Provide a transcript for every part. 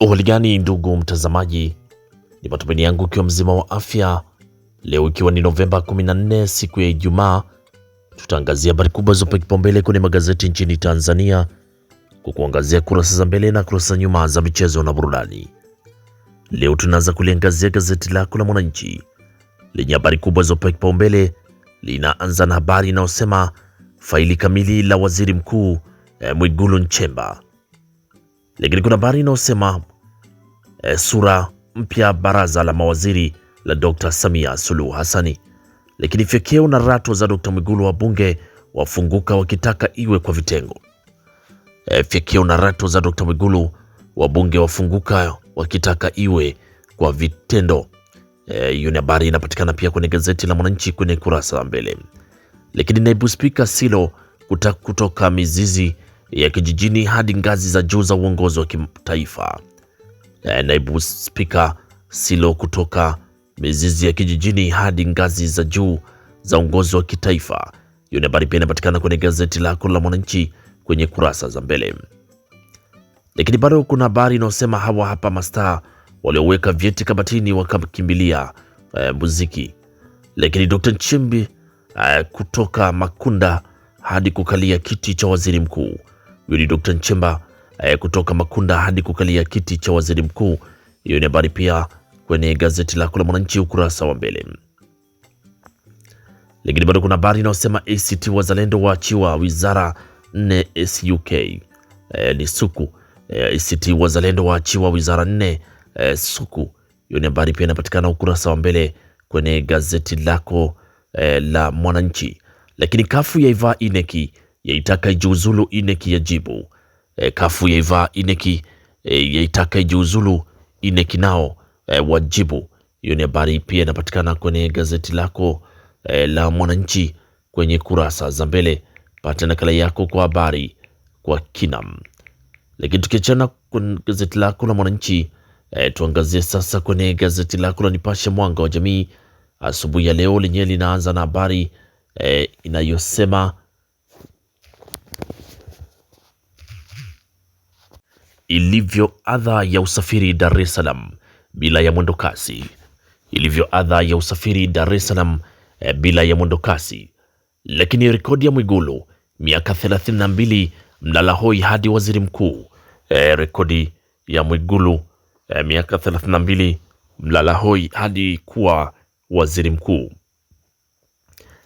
Uhaligani ndugu mtazamaji, ni matumaini yangu ikiwa mzima wa afya. Leo ikiwa ni Novemba 14 siku ya Ijumaa, tutaangazia habari kubwa zopa kipaumbele kwenye magazeti nchini Tanzania kwa kuangazia kurasa za mbele na kurasa za nyuma za michezo na burudani. Leo tunaanza kuliangazia gazeti lako la Mwananchi lenye habari kubwa zopa kipaumbele, linaanza na habari inayosema faili kamili la waziri mkuu eh, Mwigulu Nchemba, lakini kuna habari inayosema e, sura mpya baraza la mawaziri la Dr. Samia Suluhu Hassani. Lakini fyekeo na rato za Dr. Mwigulu wa bunge wafunguka wakitaka iwe kwa vitengo. E, fyekeo na rato za Dr. Mwigulu wa bunge wafunguka wakitaka iwe kwa vitendo. E, hiyo ni habari inapatikana pia kwenye gazeti la Mwananchi kwenye kurasa za mbele. Lakini naibu spika Silo kutoka mizizi ya kijijini hadi ngazi za juu za uongozi wa kitaifa. Eh, naibu spika Silo kutoka mizizi ya kijijini hadi ngazi za juu za uongozi wa kitaifa. Hiyo ni habari pia inapatikana kwenye gazeti lako la Mwananchi kwenye kurasa za mbele, lakini bado kuna habari inayosema hawa hapa mastaa walioweka vyeti kabatini wakakimbilia e, muziki. Lakini Dr. Nchimbi e, kutoka Makunda hadi kukalia kiti cha waziri mkuu. Huyu ni Dr. Nchimba e, kutoka Makunda hadi kukalia kiti cha waziri mkuu. Hiyo ni habari pia kwenye gazeti lako la Mwananchi ukurasa wa mbele. Lakini bado kuna habari inayosema ACT Wazalendo waachiwa wizara nne SUK. E, eh, ni suku e, eh, ACT Wazalendo waachiwa wizara nne e, suku. Hiyo ni habari pia inapatikana ukurasa wa mbele kwenye gazeti lako e, la Mwananchi. Lakini kafu yaivaa ineki yaitaka ijiuzulu ineki yajibu e, kafu yaivaa ineki e, eh, yaitaka ijiuzulu ineki nao e, wajibu. Hiyo ni habari pia inapatikana kwenye gazeti lako e, la Mwananchi kwenye kurasa za mbele. Pata nakala yako kwa habari kwa kinam. Lakini tukiachana kwenye gazeti lako la Mwananchi e, tuangazie sasa kwenye gazeti lako la Nipashe Mwanga wa Jamii asubuhi ya leo lenyewe linaanza na habari e, inayosema ilivyo adha ya usafiri Dar es Salaam bila ya mwendokasi, ilivyo adha ya usafiri Dar es Salaam e, bila ya mwendokasi. Lakini rekodi ya Mwigulu miaka 32 hoi hadi waziri mkuu e, rekodi ya Mwigulu e, miaka 32 hoi hadi kuwa waziri mkuu.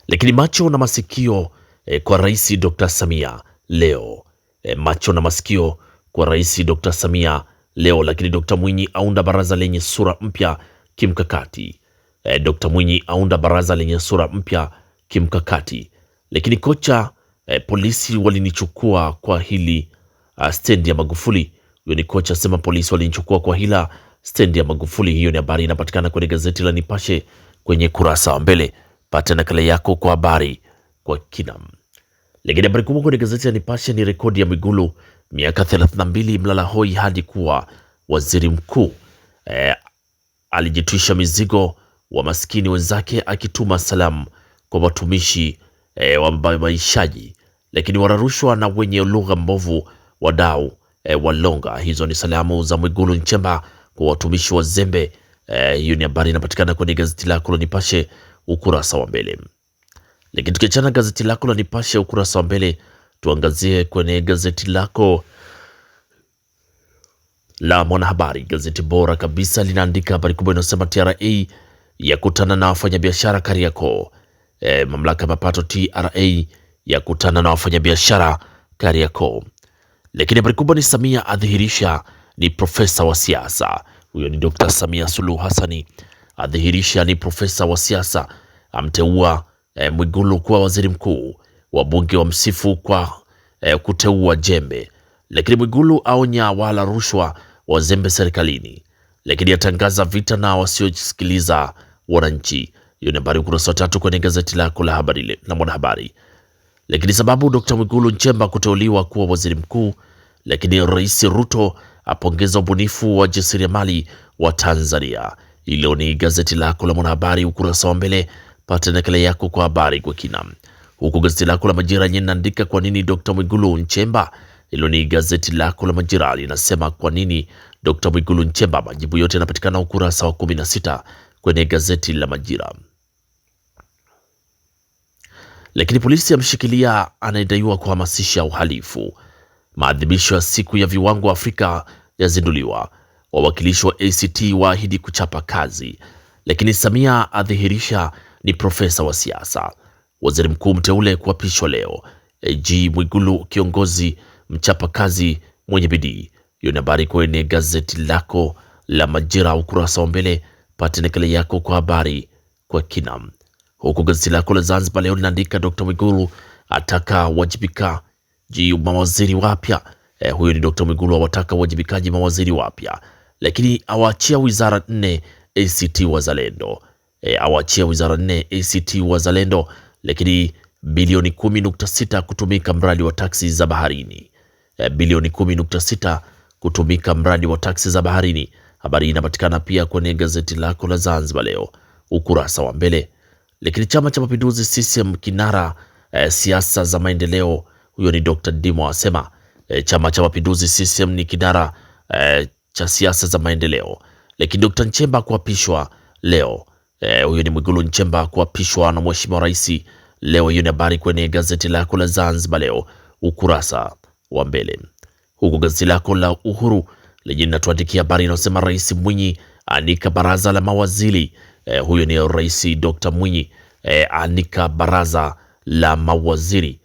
Lakini macho na masikio e, kwa Rais Dr. Samia leo e, macho na masikio kwa Rais Dr. Samia leo, lakini Dr. Mwinyi aunda baraza lenye sura mpya kimkakati. E, eh, Dr. Mwinyi aunda baraza lenye sura mpya kimkakati. Lakini kocha e, polisi walinichukua kwa hili ah, stendi ya Magufuli. Huyo ni kocha sema polisi walinichukua kwa hila stendi ya Magufuli. Hiyo ni habari inapatikana kwenye gazeti la Nipashe kwenye kurasa wa mbele. Pata nakala yako kwa habari kwa kinam. Lakini habari kubwa kwenye gazeti la Nipashe ni rekodi ya Mwigulu miaka 32 mlala hoi hadi kuwa waziri mkuu e, alijitwisha mizigo wa maskini wenzake akituma salamu kwa watumishi e, wa mabaishaji lakini wararushwa na wenye lugha mbovu wadau e, walonga. Hizo ni salamu za Mwigulu Nchemba kwa watumishi wa zembe. E, hiyo e, ni habari inapatikana kwenye gazeti lako la Nipashe ukurasa wa mbele. Lakini tukiachana gazeti lako la Nipashe ukurasa wa mbele Tuangazie kwenye gazeti lako la Mwanahabari, gazeti bora kabisa, linaandika habari kubwa inayosema TRA yakutana na wafanyabiashara Kariakoo. E, mamlaka ya mapato TRA yakutana na wafanyabiashara Kariakoo. Lakini habari kubwa ni Samia adhihirisha ni profesa wa siasa. Huyo ni Dr. Samia Suluhu Hassani adhihirisha ni profesa wa siasa, amteua e, Mwigulu kuwa waziri mkuu wabunge wa msifu kwa eh, kuteua jembe. Lakini Mwigulu aonya wala rushwa wazembe serikalini, lakini atangaza vita na wasiosikiliza wananchi. Hiyo ni habari ukurasa wa tatu kwenye gazeti lako la habari la Mwanahabari. Lakini sababu Dr. Mwigulu Nchemba kuteuliwa kuwa waziri mkuu. Lakini Rais Ruto apongeza ubunifu wa jasiriamali wa Tanzania. Hilo ni gazeti lako la Mwanahabari ukurasa wa mbele. Pata nakala yako kwa habari kwa kinam huku gazeti lako la Majira yenyewe linaandika kwa nini Dr. Mwigulu Nchemba. Hilo ni gazeti lako la Majira linasema kwa nini Dr. Mwigulu Nchemba. Majibu yote yanapatikana ukurasa wa sita kwenye gazeti la Majira. Lakini polisi amshikilia anayedaiwa kuhamasisha uhalifu. Maadhimisho ya siku ya viwango Afrika yazinduliwa. Wawakilishi wa ACT waahidi kuchapa kazi. Lakini Samia adhihirisha ni profesa wa siasa. Waziri mkuu mteule kuapishwa leo. AG Mwigulu kiongozi mchapakazi mwenye bidii. Hiyo ni habari kwenye gazeti lako la Majira ukurasa wa mbele. pate nakala yako kwa habari kwa kina. Huku gazeti lako la Zanzibar leo linaandika Dr. Mwigulu ataka wajibika juu mawaziri wapya. Eh, huyo ni Dr. Mwigulu awataka wajibikaji mawaziri wapya, lakini awaachia wizara nne ACT Wazalendo. Eh, awaachia wizara nne ACT Wazalendo lakini bilioni 10.6 kutumika mradi wa taksi za baharini. Eh, bilioni 10.6 kutumika mradi wa taksi za baharini. Habari inapatikana pia kwenye gazeti lako la Zanzibar Leo ukurasa wa mbele. Lakini chama cha mapinduzi CCM kinara e, siasa za maendeleo. Huyo ni Dr. Dimo asema e, chama cha mapinduzi CCM ni kinara e, cha siasa za maendeleo. Lakini Dr. Nchemba kuapishwa leo Eh, huyu e, ni Mwigulu Nchemba kuapishwa na mheshimiwa rais leo. Hiyo ni habari kwenye gazeti lako la Zanzibar Leo ukurasa wa mbele, huku gazeti lako la Uhuru lenye linatuandikia habari inayosema Rais Mwinyi anika baraza la mawaziri. E, eh, huyu ni Rais Dr. Mwinyi e, anika baraza la mawaziri,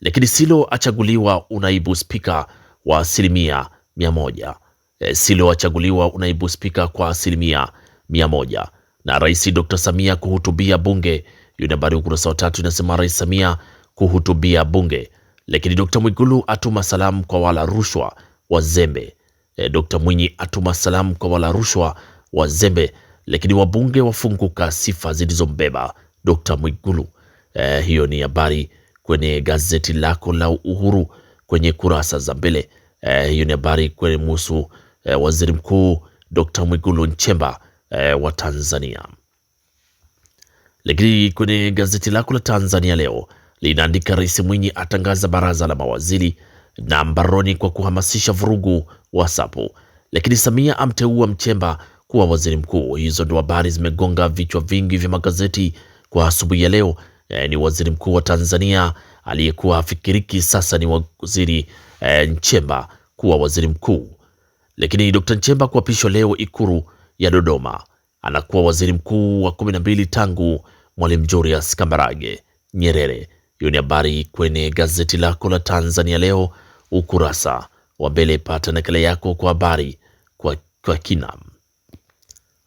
lakini Silo achaguliwa unaibu spika wa asilimia mia moja. E, Silo achaguliwa unaibu spika kwa asilimia mia moja na Rais Dr. Samia kuhutubia bunge. Hiyo ni habari ukurasa wa tatu, inasema Rais Samia kuhutubia bunge. Lakini Dr. Mwigulu atuma salamu kwa wala rushwa wazembe. E, eh, Dr. Mwinyi atuma salamu kwa wala rushwa wazembe. Lakini wabunge wafunguka sifa zilizombeba Dr. Mwigulu. E, hiyo ni habari kwenye gazeti lako la Uhuru kwenye kurasa za mbele. E, hiyo ni habari kwenye muhusu e, waziri mkuu Dr. Mwigulu Nchemba e, wa Tanzania. Lakini kwenye gazeti lako la Tanzania leo linaandika Rais Mwinyi atangaza baraza la mawaziri na mbaroni kwa kuhamasisha vurugu sapu, Lakini Samia amteua Mchemba kuwa waziri mkuu. Hizo ndo habari zimegonga vichwa vingi vya magazeti kwa asubuhi ya leo. E, ni waziri mkuu wa Tanzania aliyekuwa afikiriki sasa ni waziri e, Nchemba kuwa waziri mkuu. Lakini Dr. Nchemba kuapishwa leo Ikuru ya Dodoma. Anakuwa waziri mkuu wa 12 tangu Mwalimu Julius Kambarage Nyerere. Hiyo ni habari kwenye gazeti lako la Tanzania Leo ukurasa wa mbele. Pata nakala yako kwa habari kwa, kwa kina.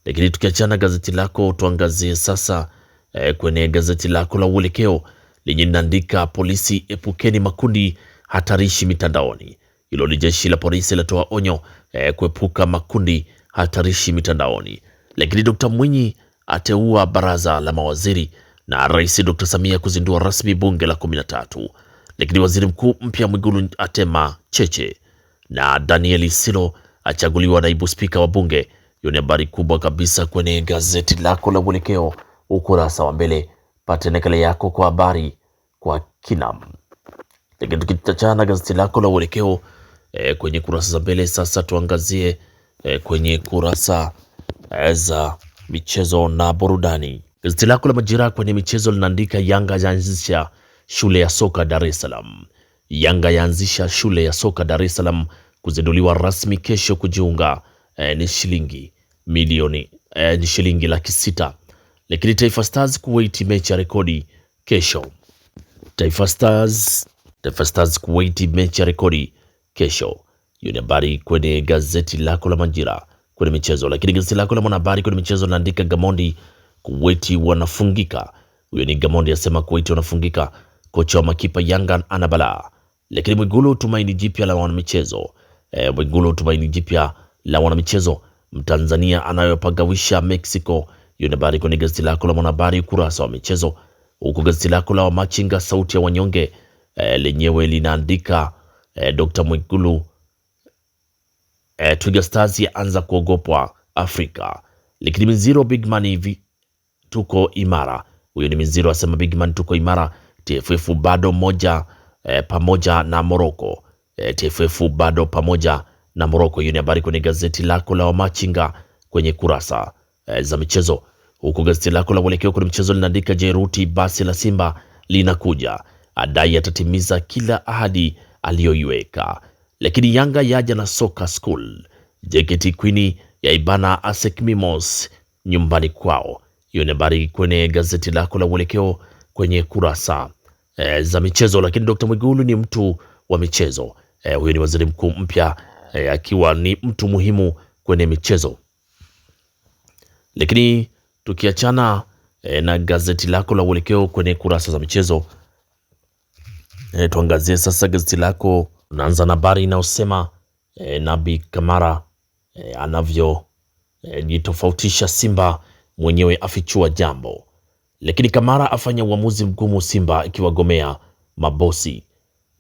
Lakini tukiachana gazeti lako, tuangazie sasa eh, kwenye gazeti lako la Uelekeo lenye linaandika polisi, epukeni makundi hatarishi mitandaoni. Hilo ni jeshi la polisi latoa onyo eh, kuepuka makundi hatarishi mitandaoni. Lakini Dr Mwinyi ateua baraza la mawaziri na Rais Dr Samia kuzindua rasmi bunge la kumi na tatu. Lakini waziri mkuu mpya Mwigulu atema cheche na Danieli Silo achaguliwa naibu spika wa bunge. Hiyo ni habari kubwa kabisa kwenye gazeti lako la Mwelekeo ukurasa wa mbele. Pate nakala yako kwa habari kwa kina. Lakini tukitachana gazeti lako la Uelekeo e, eh, kwenye kurasa za mbele sasa, tuangazie Eh, kwenye kurasa eh, za michezo na burudani. Gazeti lako la Majira kwenye michezo linaandika Yanga yaanzisha shule ya soka Dar es Salaam. Yanga yaanzisha shule ya soka Dar es Salaam kuzinduliwa rasmi kesho. Kujiunga eh, ni shilingi milioni eh, ni shilingi laki sita. Lakini Taifa Stars Kuwait mechi ya rekodi kesho. Taifa Stars, Taifa Stars Kuwait mechi ya rekodi kesho. Hiyo ni habari kwenye gazeti lako la Majira kwenye michezo, lakini gazeti lako la Mwanahabari kwenye michezo linaandika Gamondi, Kuweti wanafungika. Huyo ni Gamondi asema Kuweti wanafungika, kocha wa makipa Yanga ana balaa. Lakini Mwigulu, tumaini jipya la wanamichezo e, Mwigulu, tumaini jipya la wanamichezo. Mtanzania anayopagawisha Mexico. Hiyo ni habari kwenye gazeti lako la Mwanahabari ukurasa wa michezo, huku gazeti lako la Wamachinga sauti ya wanyonge e, lenyewe linaandika e, Dr. Mwigulu E, eh, Twiga Stars yaanza kuogopwa Afrika. Lakini Mizero Big Man hivi tuko imara. Huyo ni Mizero asema Big Man tuko imara. TFF bado moja e, pamoja na Morocco. E, eh, TFF bado pamoja na Morocco. Hiyo ni habari kwenye gazeti lako la Wamachinga kwenye kurasa e, za michezo. Huko gazeti lako la Mwelekeo kwenye michezo linaandika Jeruti basi la Simba linakuja. Adai atatimiza kila ahadi aliyoiweka lakini Yanga yaja na soka school. JKT Queen ibana ASEC Mimos nyumbani kwao. Hiyo ni habari kwenye gazeti lako la Uelekeo kwenye kurasa e, za michezo. Lakini Dr. Mwigulu ni mtu wa michezo e, huyo ni waziri mkuu mpya e, akiwa ni mtu muhimu kwenye michezo. Lakini tukiachana e, na gazeti lako la Uelekeo kwenye kurasa za michezo e, tuangazie sasa gazeti lako Unaanza na habari inayosema e, eh, Nabi Kamara e, eh, anavyojitofautisha eh, e, Simba mwenyewe afichua jambo, lakini Kamara afanya uamuzi mgumu Simba ikiwagomea mabosi.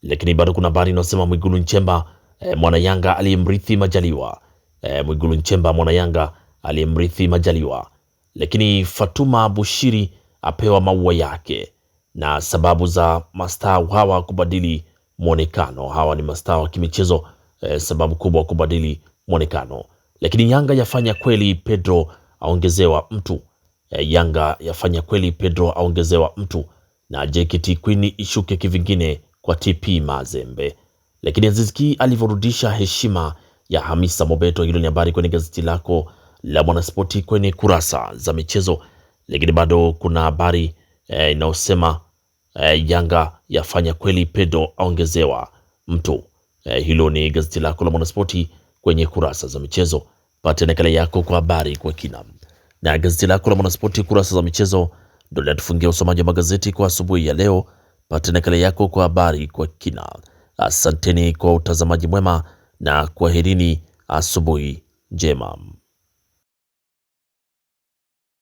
Lakini bado kuna habari inayosema Mwigulu Nchemba e, mwana Yanga aliyemrithi Majaliwa e, Mwigulu Nchemba mwana Yanga aliyemrithi Majaliwa. Lakini Fatuma Bushiri apewa maua yake na sababu za mastaa hawa kubadili mwonekano. Hawa ni mastaa wa kimichezo eh, sababu kubwa wa kubadili mwonekano. Lakini Yanga yafanya kweli Pedro aongezewa mtu. Eh, Yanga yafanya kweli Pedro aongezewa mtu na JKT Queen ishuke kivingine kwa TP Mazembe. Lakini Aziz alivyorudisha heshima ya Hamisa Mobeto, hilo ni habari kwenye gazeti lako la Mwanaspoti kwenye kurasa za michezo. Lakini bado kuna habari eh, inayosema eh, Yanga yafanya kweli, Pedro aongezewa mtu. E, hilo ni gazeti lako la Mwanaspoti kwenye kurasa za michezo. Pata nakala yako kwa habari kwa kina na gazeti lako la Mwanaspoti kurasa za michezo ndio linatufungia usomaji wa magazeti kwa asubuhi ya leo. Pata nakala yako kwa habari kwa kina. Asanteni kwa utazamaji mwema na kwaherini, asubuhi njema.